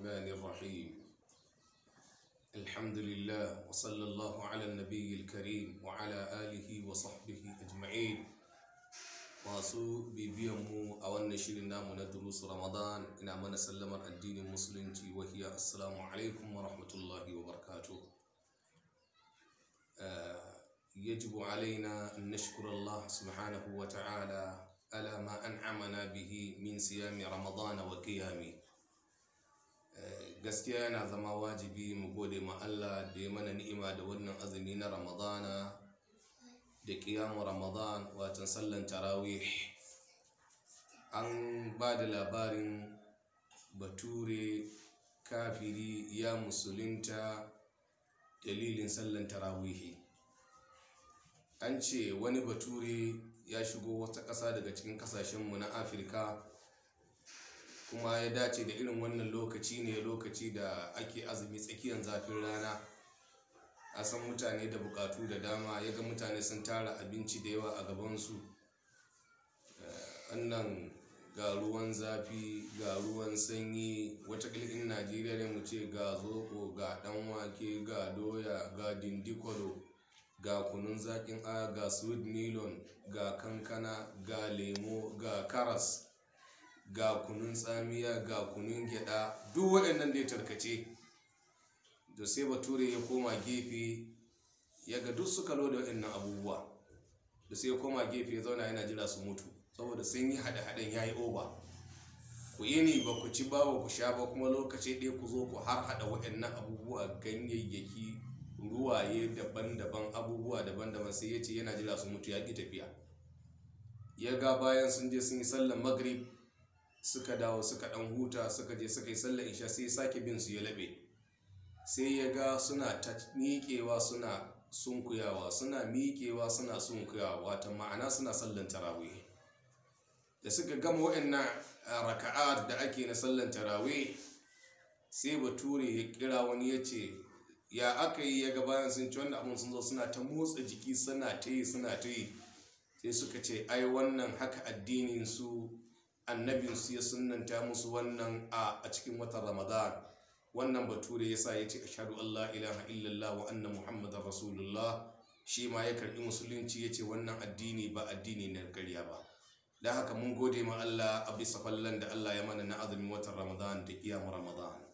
الرحمن الرحيم الحمد لله وصلى الله على النبي الكريم وعلى آله وصحبه أجمعين واسو بيبيمو أو النشيرنا من دروس رمضان إن من سلم الدين المسلم وهي السلام عليكم ورحمة الله وبركاته آه، يجب علينا أن نشكر الله سبحانه وتعالى على ما أنعمنا به من صيام رمضان وقيامه gaskiya yana zama wajibi mu gode ma Allah da ya mana ni'ima da wannan azumi na Ramadana da ƙiyamu Ramadan watan sallan tarawih an ba da labarin bature kafiri ya musulunta dalilin sallan tarawihi an ce wani bature ya shigo wata ƙasa daga cikin ƙasashenmu na afirka kuma ya dace da irin wannan lokaci ne lokaci da ake azumi tsakiyar zafin rana a san mutane da bukatu da dama ya ga mutane sun tara abinci da yawa a gabansu eh, annan ga ruwan zafi ga ruwan sanyi wata in najeriya ne mu ce ga zoko ga ɗan wake ga doya ga dindikolo, ga kunun zakin a ga sweet melon ga kankana ga lemo ga karas ga kunun tsamiya ga kunun gyada duk waɗannan dai tarkace da sai bature ya koma gefe ya ga duk suka lo da waɗannan abubuwa da sai ya koma gefe ya zauna yana jira su mutu saboda sun yi haɗe-haɗen ya yi oba ku yi ne ba ku ci ba ba ku sha ba kuma lokaci ɗaya ku zo ku har haɗa waɗannan abubuwa ganyayyaki ruwaye daban-daban abubuwa daban-daban sai ya ce yana jira su mutu ya ƙi tafiya ya ga bayan sun je sun yi sallan magrib suka dawo suka dan huta suka je suka yi sallar isha sai sake bin su ya labe sai ya ga suna ta miƙewa suna sunkuyawa suna miƙewa suna sunkuyawa wata ma'ana suna sallar tarawih da suka gama waɗannan raka'at da ake na sallar tarawih sai bature ya kira wani ya ce ya aka yi ya bayan sun ci wanda abin sun zo suna ta motsa jiki suna ta yi suna ta yi sai suka ce ai wannan haka addinin su annabinsu ya sunanta musu wannan a cikin watan ramadan wannan bature ya sa ya ce shaɗu allah ilaha illallah wa annan muhammadan rasulullah shi ma ya karɓi musulunci ya ce wannan addini ba addini na karya ba da haka mun gode ma allah a bisa fallon da allah ya mana na azumin watan ramadan da iyamu ramadan